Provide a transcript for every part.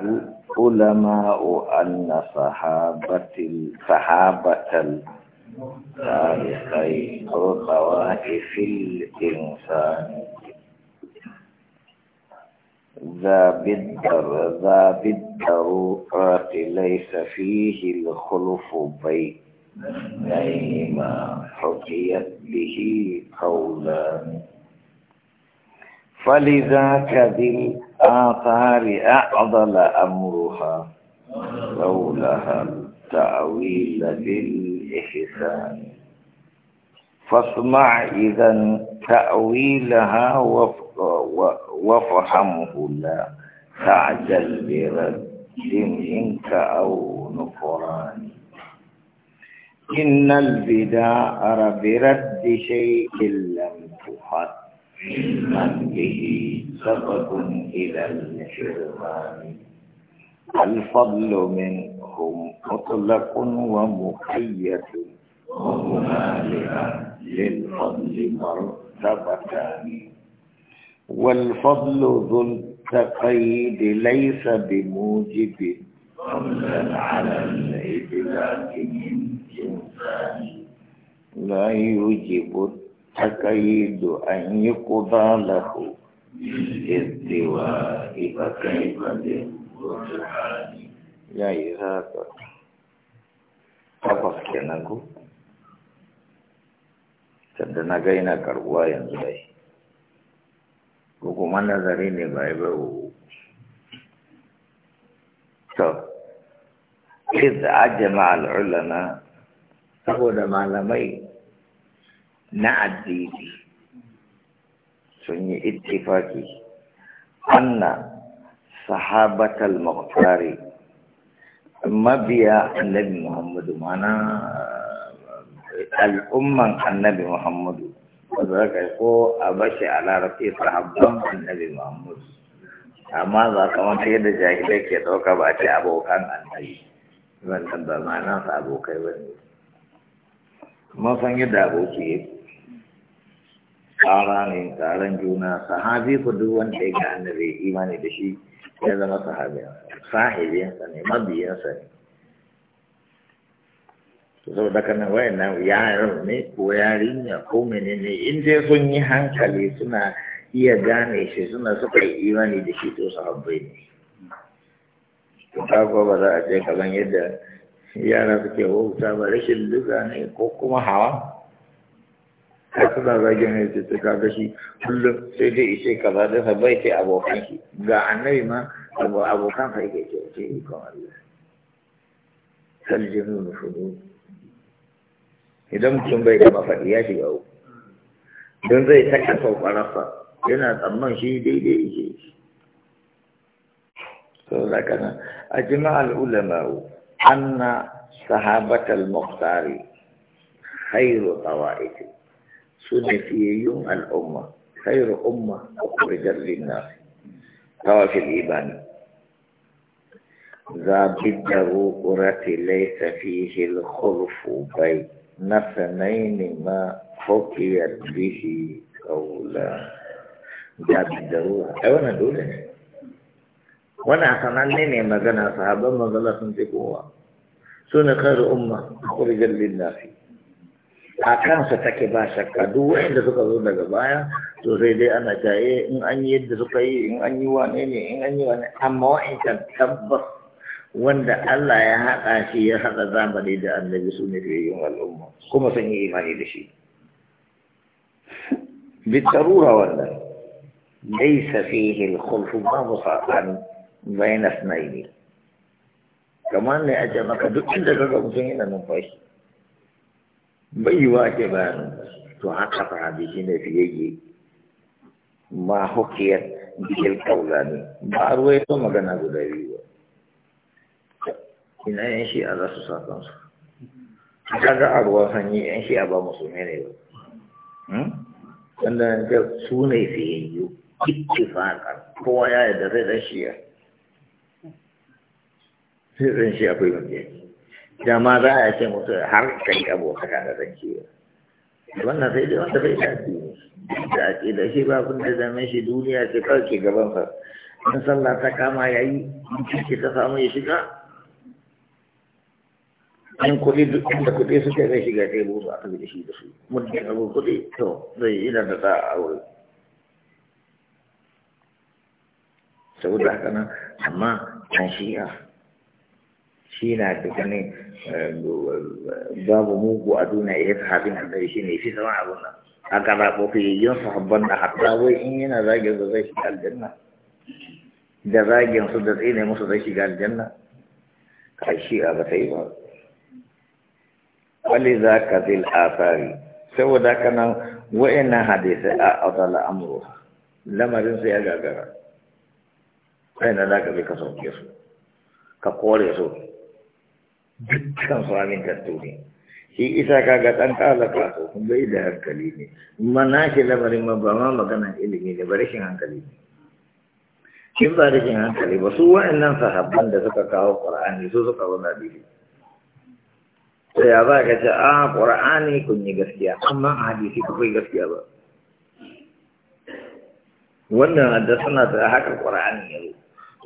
العلماء أن صحابة صحابة الصحابة التابعين في الإنسان ذا بالدر ذا بالضرورات ليس فيه الخلف بيت نيما حكيت به قولان فلذاك بالآثار أعضل أمرها لولها التأويل بالإحسان فاصنع إذا تأويلها وافهمه لا تعجل برد منك أو نفران إن البداء برد شيء لم تحط علما به سبب إلى الحرمان الفضل منهم مطلق ومقيد ومالها للفضل مرتبتان والفضل ذو التقيد ليس بموجب فضلا على الإدلاك من جنسان لا يوجب تكيد أن يقضى له بالدواء فكيف يا إذاك أبقى كنكو تدنا جينا كروا ينزلي وكما نظرين بايبو إذ أجمع العلماء saboda malamai na addini sun yi ittifaki anna sahabatal muqtari mabiya annabi muhammadu mana al'umman annabi muhammadu wanda za ko a bashi a larabci sahabban annabi muhammadu amma za kamar ta yadda jahilai ke ɗauka ba ce abokan annabi wannan ba ma'anarsa abokai ba ne mun san yadda aboki yake tsara ne juna sahabi ku duk wanda ya ga annabi imani da shi ya zama sahabinsa sahibinsa ne sa ne to da kana wayannan yaran ne ko yarinya ko menene in dai sun yi hankali suna iya gane shi suna suka yi imani da shi to sahabbai ne to kaga ba za a ce kaman yadda yara suke wauta ba rashin duka ne ko kuma hawa ya suna zagin ya ce ta kaga shi kullum sai dai ishe kaza da sa bai ce abokan shi ga annabi ma abokan sa yake ce ce ikon Allah saljinu na fudu idan mutum bai da mafaɗi ya shiga uku don zai ta kasa ƙwararsa yana tsamman shi daidai ishe shi sau da kana a jima'al ulama'u anna sahabatal muhtari khairu tawa'iti سنة فيهم الأمة خير أمة أخرجت للناس طواف الإيمان ذا بالضرورة ليس فيه الخلف بين اثنين ما حكي به قولا ذا بالضرورة أولا دولة وانا سنعني ما كان صحابة ما ظلت انتقوها سنة خير أمة أخرجت للناس akan kansa take ba shakka duk wanda suka zo daga baya to sai dai ana taye in an yi yadda suka yi in an yi wane ne in an yi wane amma wa'ancan tabbas wanda Allah ya haɗa shi ya haɗa zamani da annabi su ne fiye al'umma kuma sun yi imani da shi bitarura wannan laisa fihi al-khulf babu sa'ani bayna ne. kamar ne a jama'a duk inda kaga mutum yana numfashi bai wa ke bayanin to haka sahabi shi ne fiyayye ma hukiyar bikin kaula ne ba a ruwai to magana guda biyu ba ina yan shi a za su sa kansu kaga a ruwan sanyi yan shi a ba musulmi ne ba hmm? wanda da su ne fiyayyu ittifaqan kowa ya yarda zai dan shiya sai dan shi akwai wanda yake da ma za a ce mutu har kai ka da zan ciwo wannan sai dai wanda bai da addini da ake da shi ba kun da zame shi duniya ce kawai ke gaban sa in sallah ta kama ya yi in ce ta samu ya shiga in kuɗi duk inda kuɗi suke zai shiga kai buzu a tafi da shi da su muddin abu kuɗi to zai yi da ta a aure. saboda haka nan amma kan shi'a shi na da ganin eh, babu mugu a duniya ya fi haɗin annabi shi ne fi zama abin nan aka zaɓo fiyayyen habban da hatta wai in yana zagin su zai shiga aljanna da zagin su da tsine musu zai shiga aljanna shi a ba ta yi ba Wani za ka zil fari? saboda haka nan na hadisai a azala amuru lamarin su ya gagara kai na za ka bi ka sauke su ka kore su dukkan su amintattu shi isa kaga ɗan kalaka to bai da hankali ne mana shi lamarin mabama maganan ilimi ne ba rashin hankali ne kin ba rashin hankali ba su wa'annan sahabban da suka kawo qur'ani su suka wanda dili to ya ba ka ce a ah, qur'ani kun yi gaskiya amma a hadisi ku kai gaskiya ba wannan haddasa na ta haka qur'ani ya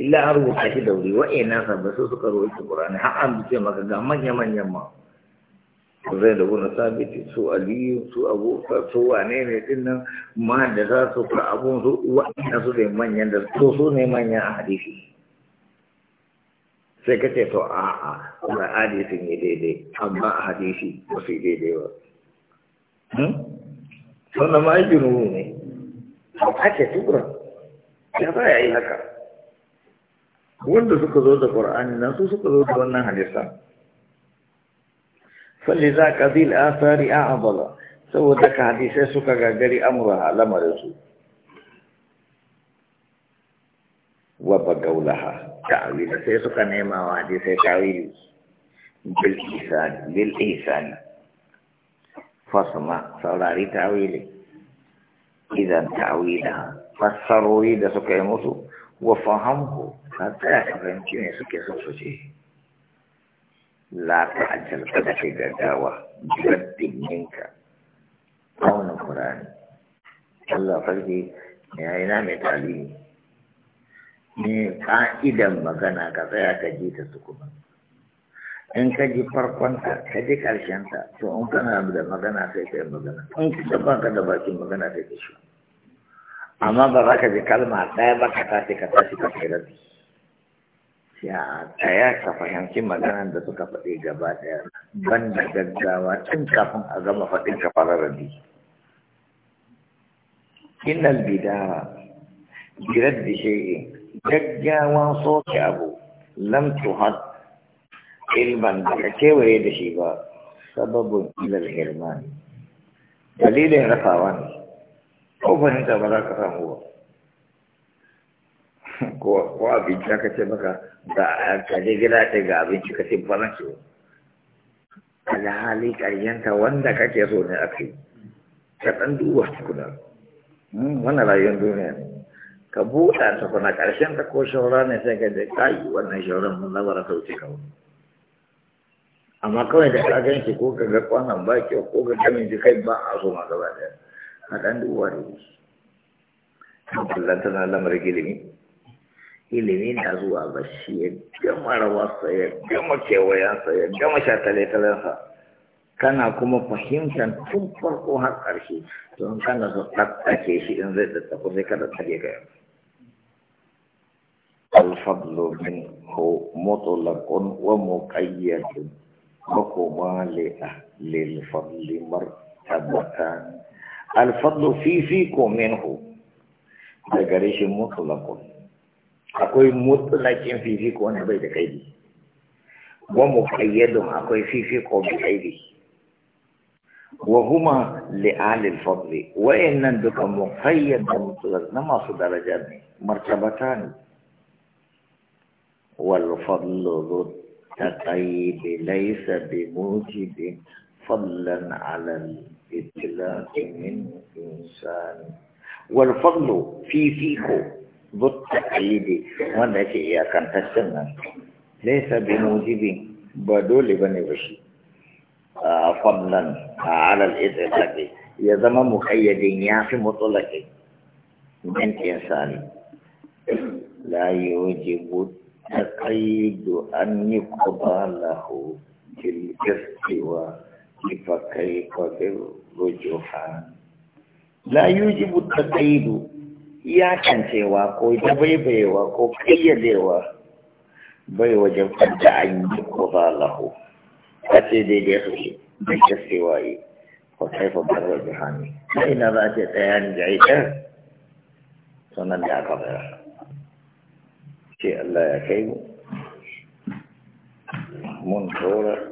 illa an rubuta shi da wuri wa'ina ba su suka roƙi ƙurani har an ce maka ga manya-manyan ma zai da wani sabiti su aliyu su abubakar su wane ne din nan ma da za su fa abun su wa'ina su ne manyan da su su ne manyan a hadisi sai ka ce to a'a kuma hadisin yi daidai amma a hadisi ba su yi daidai ba sannan hmm? ma yi ne ce tura ya za a yi haka wanda suka zo da qur'ani nan su suka zo da wannan hadisa فلذا قضي الآثار أعضل سو ذاك حديثة سكا غري أمرها لما رسول وبقولها تعويل سيسك نيما وحديثة تعويل بالإحسان بالإحسان فاسمع سولاري تعويلي إذا تعويلها فسروا إذا سكا يموتوا وفهمه ka tsaya ka fahimci ne suke so su ce la ta ajal kada kai gaggawa jirar dinninka kaunin kurani Allah farki ya na mai talimi ne ka'idan magana ka tsaya ka ji ta tukuna in ka ji farkonta ka ji ta, to in kana da magana sai ka yi magana in ka ba ka da bakin magana sai ka shi amma ba za ka ji kalma ɗaya ba ka tashi ka tashi ka kai rabi ya tsaya ka fahimci maganar da suka faɗi gaba ɗaya ban da gaggawa tun kafin a gama faɗin ka fara rabi innal bida da, bi shay'in gaggawa soke abu lam har ilman da ka kewaye da shi ba sababin ilal hirman dalilin rafawa ne ko fahimta ba za ka samu ba ko abinci aka ce maka da ka je gida ta ga abinci ka ce bana ce hali karyanta wanda kake so ne aka yi ka ɗan duba tukuna hmm, wannan rayuwar duniya ne ka buɗa kuna ƙarshen ta ko shaura ne sai ka je kai wannan shauran mun labara sauci ka wani amma kawai da ka gan shi ko ka ga kwanan ba kyau ko ka gamin ji kai ba a so ma gaba ɗaya a ɗan duba da shi. kullanta tana lamar gilimi ilimin da zuwa bashi ya gama rawarsa ya gama kewayensa ya gama shatale-talensa kana kuma fahimtar tun farko har ƙarshe don kana so ɗaɗɗake shi in zai tattaku sai kada tage ga yanzu alfadlu min ko mutulakun wa muqayyadun makoma lil fadli martabatan alfadlu fifikum minhu daga rashin mutulakun akwai mutlakin fifiko wanda bai da kaidi wa muqayyadun akwai fifiko bi kaidi wa huma li alil fadl wa innan duka muqayyad da mutlak na masu daraja ne martabata ne wal fadl zu taqayyid laysa bi mujib fadlan ala al itlaq min insan wal fadlu fifiko بالتقييد وانا كي كان تسنن ليس بموجب بدول بني بشي آه، فضلا على الإطلاق يزم مقيد يافي مطلق من إنسان لا يوجب تقيد أن يقضى له في كيف كيف بالرجحان لا يوجب التقييد iyakancewa ko dabaibayewa ko kayyadewa bai wajen fadda an yi ko za lahu a ce daidai su shi da kaskewa yi ko taifa barwa jihani na ina za a ce tsaya ni jayi ɗan sunan da aka bayar ce Allah ya kai mu mun tsora